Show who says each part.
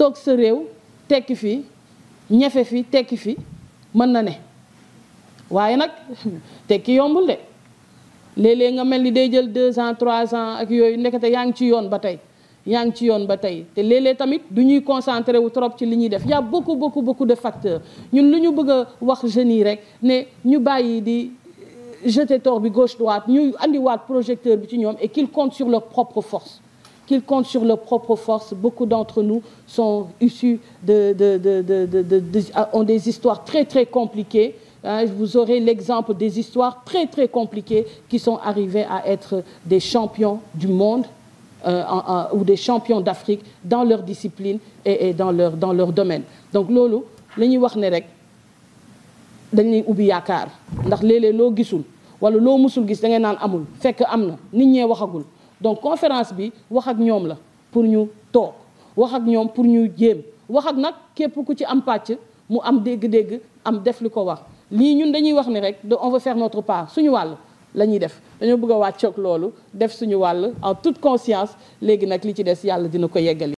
Speaker 1: toog sa réew tekki fi ñafe fi tekki fi mën na ne waaye nag tekki yombul de léeg-léeg nga mel ni day jël deux ans trois ans ak yooyu ndekete yaa ngi ci yoon ba tey yaa ngi ci yoon ba tey te léeg-léeg tamit du ñuy concentré wu trop ci li ñuy def y a beaucoup beaucoup beaucoup de facteurs ñun lu ñu bëgg a wax jeunes yi rek ne ñu bàyyi di euh, jeter tort bi gauche droite ñu andiwaat projecteur bi ci ñoom et qu'ils comptent sur leur propre force qu'ils comptent sur leurs propres forces. Beaucoup d'entre nous sont issus de, de, de, de, ont des histoires très très compliquées. Hein, vous aurez l'exemple des histoires très très compliquées qui sont arrivées à être des champions du monde euh, en, en, ou des champions d'Afrique dans leur discipline et, et dans, leur, dans leur domaine. Donc loolu la ñuy wax ne rek dañuy ubbi yaakaar ndax léeg-léeg gisul wala loo musul gis da ngay naan amul fekk am na nit ñee waxagul. donc conférence bi wax ak ñoom la pour ñu toog wax ak ñoom pour ñu jéem wax ak nag képp ku ci am pàcc mu am dégg-dégg am def li ko wax lii ñun dañuy wax ni rek de on veut faire notre part suñu wàll la ñuy def dañoo bëgg a wàccoog loolu def suñu wàll en toute conscience léegi nag li ci des yàlla dina ko yeggali